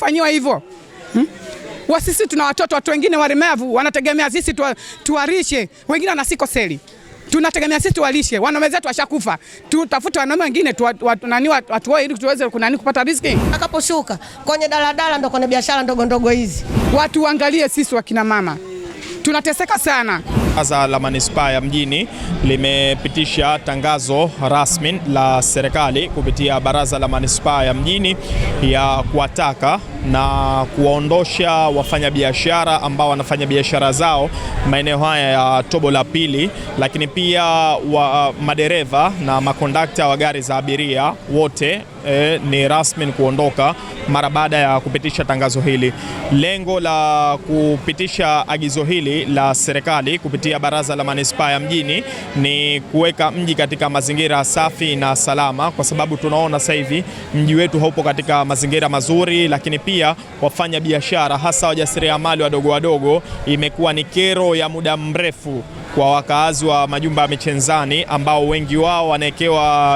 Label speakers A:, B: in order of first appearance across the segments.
A: tunafanyiwa hivyo hmm? wa sisi tuna watoto, watu wengine walemavu wanategemea sisi tuwarishe, wengine wana sikoseli tunategemea sisi tuwalishe, wanaume zetu washakufa, tutafute wanaume wengine watu, watuoe ili tuweze kunani kupata riziki.
B: Akaposhuka kwenye daladala ndo kwenye biashara ndogo ndogo hizi,
A: watu waangalie sisi wakina mama tunateseka sana.
C: Baraza la manispaa ya mjini limepitisha tangazo rasmi la serikali kupitia baraza la manispaa ya mjini ya kuwataka na kuwaondosha wafanyabiashara ambao wanafanya biashara zao maeneo haya ya tobo la pili, lakini pia wa uh, madereva na makondakta wa gari za abiria wote eh, ni rasmi ni kuondoka mara baada ya kupitisha tangazo hili. Lengo la kupitisha agizo hili la serikali kupitia Baraza la Manispaa ya Mjini ni kuweka mji katika mazingira safi na salama, kwa sababu tunaona sasa hivi mji wetu haupo katika mazingira mazuri, lakini pia pia wafanya biashara, hasa wajasiriamali wadogo wadogo, imekuwa ni kero ya muda mrefu kwa wakaazi wa majumba ya michenzani ambao wengi wao wanaekewa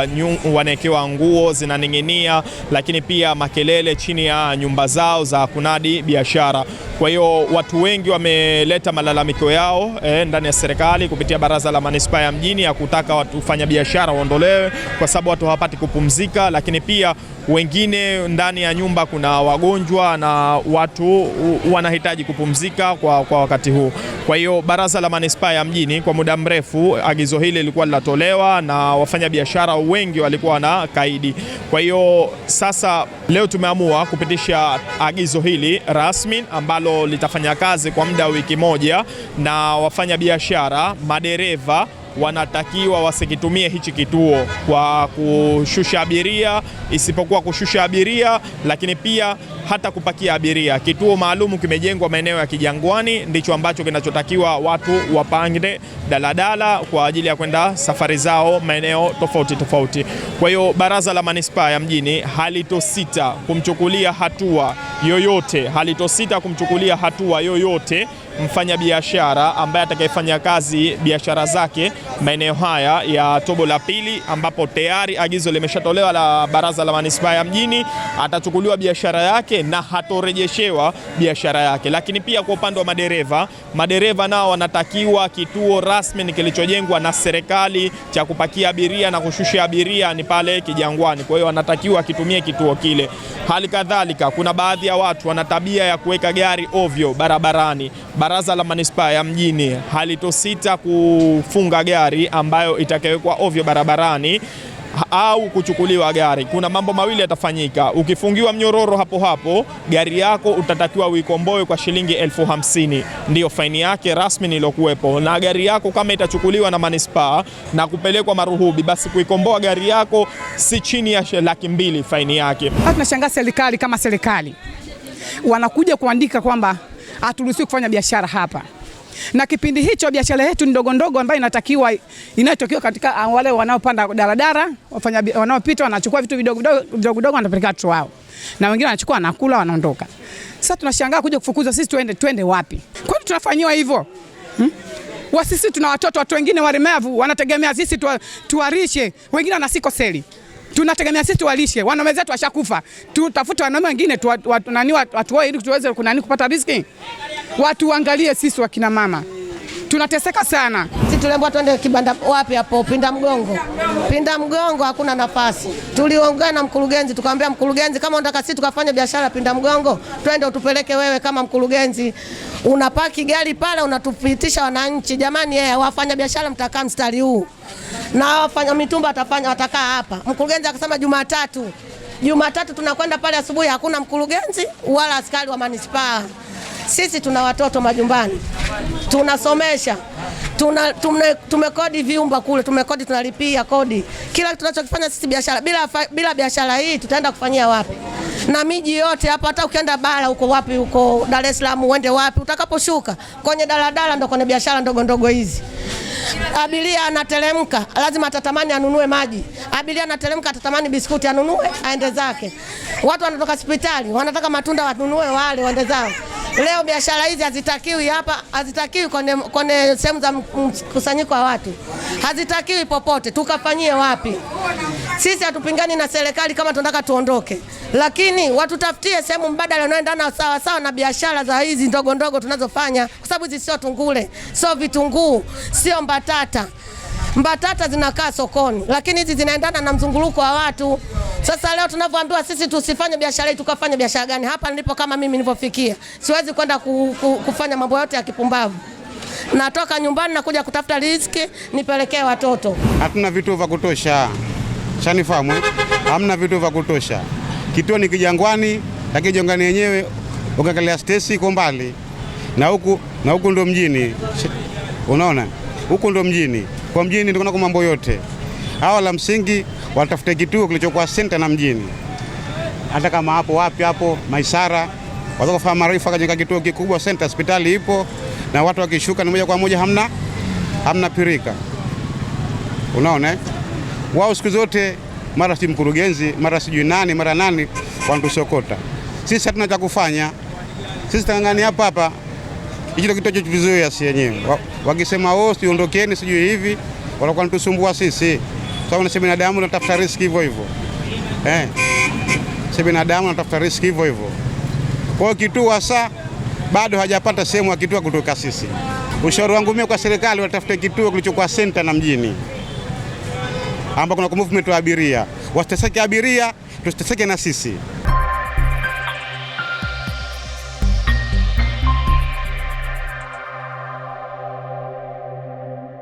C: wanaekewa nguo zinaning'inia, lakini pia makelele chini ya nyumba zao za kunadi biashara. Kwa hiyo watu wengi wameleta malalamiko yao eh, ndani ya serikali kupitia Baraza la Manispaa ya Mjini ya kutaka fanya biashara waondolewe, kwa sababu watu hawapati kupumzika, lakini pia wengine ndani ya nyumba kuna wagonjwa wagonjwa na watu wanahitaji kupumzika kwa, kwa wakati huu. Kwa hiyo baraza la manispaa ya mjini kwa muda mrefu agizo hili lilikuwa linatolewa na wafanyabiashara wengi walikuwa na kaidi. Kwa hiyo sasa leo tumeamua kupitisha agizo hili rasmi ambalo litafanya kazi kwa muda wa wiki moja na wafanyabiashara, madereva wanatakiwa wasikitumie hichi kituo kwa kushusha abiria, isipokuwa kushusha abiria, lakini pia hata kupakia abiria. Kituo maalum kimejengwa maeneo ya Kijangwani, ndicho ambacho kinachotakiwa watu wapange daladala kwa ajili ya kwenda safari zao maeneo tofauti tofauti. Kwa hiyo baraza la manispaa ya mjini halitosita kumchukulia hatua yoyote, halitosita kumchukulia hatua yoyote mfanyabiashara ambaye atakayefanya kazi biashara zake maeneo haya ya tobo la pili, ambapo tayari agizo limeshatolewa la baraza la manispaa ya mjini, atachukuliwa biashara yake na hatorejeshewa biashara yake. Lakini pia kwa upande wa madereva, madereva nao wanatakiwa kituo rasmi kilichojengwa na serikali cha kupakia abiria na kushusha abiria ni pale Kijangwani, kwa hiyo wanatakiwa kitumie kituo kile. Hali kadhalika kuna baadhi ya watu wana tabia ya kuweka gari ovyo barabarani. Baraza la Manispaa ya Mjini halitosita kufunga gari ambayo itakayowekwa ovyo barabarani au kuchukuliwa gari. Kuna mambo mawili yatafanyika. Ukifungiwa mnyororo hapo hapo, gari yako utatakiwa uikomboe kwa shilingi elfu hamsini ndiyo faini yake rasmi nilokuwepo. Na gari yako kama itachukuliwa na manispaa na kupelekwa Maruhubi, basi kuikomboa gari yako si chini ya laki mbili faini yake. Tunashangaa serikali kama serikali wanakuja kuandika kwamba haturuhusiwi kufanya biashara hapa na kipindi hicho biashara yetu ndogo ndogo ambayo inatakiwa inayotokiwa katika uh, wale wanaopanda daladala wafanya wanaopita wanachukua vitu vidogo vidogo vidogo wanapeleka watu wao, na wengine wanachukua wanakula wanaondoka. Sasa tunashangaa kuja kufukuzwa sisi, tuende twende wapi? Kwa nini tunafanyiwa hivyo
A: hmm? Wasisi tuna watoto, watu wengine walemavu wanategemea sisi tuwarishe, wengine wana sikoseli tunategemea sisi tuwalishe wanaume zetu, washakufa. Tutafute wanaume wengine watu, watu, watu, watu, ili tuweze kunani kupata riziki. Watuangalie sisi wakina mama tunateseka sana.
B: Sisi tuliambiwa twende kibanda wapi hapo Pinda Mgongo, Pinda Mgongo hakuna nafasi. Tuliongea na mkurugenzi tukamwambia mkurugenzi, kama unataka sisi tukafanya biashara Pinda Mgongo, twende utupeleke wewe kama mkurugenzi, unapaki gari pale, unatupitisha wananchi. Jamani yeye, eh, wafanya biashara mtakaa mstari huu na wafanya mitumba watafanya watakaa hapa. Mkurugenzi akasema Jumatatu, Jumatatu tunakwenda pale asubuhi, hakuna mkurugenzi wala askari wa manispaa. Sisi tuna watoto majumbani, tunasomesha tuna, tume, tumekodi vyumba kule, tumekodi, tunalipia kodi, kila kitu tunachokifanya sisi biashara. Bila, bila biashara hii tutaenda kufanyia wapi? na miji yote hapa, hata ukienda bara huko wapi, huko Dar es Salaam uende wapi, utakaposhuka kwenye daladala ndo kwenye biashara ndogo ndogo hizi. Abiria anateremka lazima atatamani anunue maji, abiria anateremka atatamani biskuti anunue aende zake. Watu wanatoka hospitali wanataka matunda wanunue wale waende zao. Leo biashara hizi hazitakiwi hapa, hazitakiwi kwenye sehemu za mkusanyiko wa watu, hazitakiwi popote. Tukafanyie wapi? Sisi hatupingani na serikali kama tunataka tuondoke, lakini watutafutie sehemu mbadala unaoendana sawa sawa na biashara za hizi ndogo ndogo tunazofanya, kwa sababu hizi sio tungule, sio vitunguu, sio mbatata mbatata zinakaa sokoni, lakini hizi zinaendana na mzunguluko wa watu. Sasa leo tunavyoambiwa sisi tusifanye biashara hii, tukafanya biashara gani? Hapa nilipo, kama mimi nilivyofikia, siwezi kwenda ku, ku, kufanya mambo yote ya kipumbavu. Natoka nyumbani nakuja kutafuta riziki nipelekee watoto. Hatuna vituo vya kutosha, shanifahamu, eh?
D: hamna vituo vya kutosha. Kituo ni Kijangwani, lakini Jangwani yenyewe ukakalia stesi iko mbali na huku, na huku ndo mjini, unaona huku ndo mjini. Kwa mjini ndiko kunako mambo yote. Hawa la msingi watafute kituo kilichokuwa senta na mjini, hata kama hapo wapi hapo Maisara watakofa maarifa kajenga kituo kikubwa senta, hospitali ipo na watu wakishuka ni moja kwa moja, hamna hamna pirika. Unaona eh? wao siku zote mara si mkurugenzi mara sijui nani mara nani wanatusokota sisi, hatuna cha kufanya sisi, tangangani hapa hapa hicho kitu chotuzuia si yenyewe. Wakisema wao oh, ondokeni sijui hivi, walikuwa natusumbua sisi, Sasa nasi binadamu anatafuta riski hivyo hivyo eh. Si binadamu anatafuta riski hivyo hivyo. Kwa hiyo kituo hasa bado hajapata sehemu ya kituo kutoka sisi. Ushauri wangu mimi kwa serikali, watafute kituo kilichokuwa senta na mjini, ambao kuna movement wa abiria, wasiteseke abiria, tusiteseke na sisi.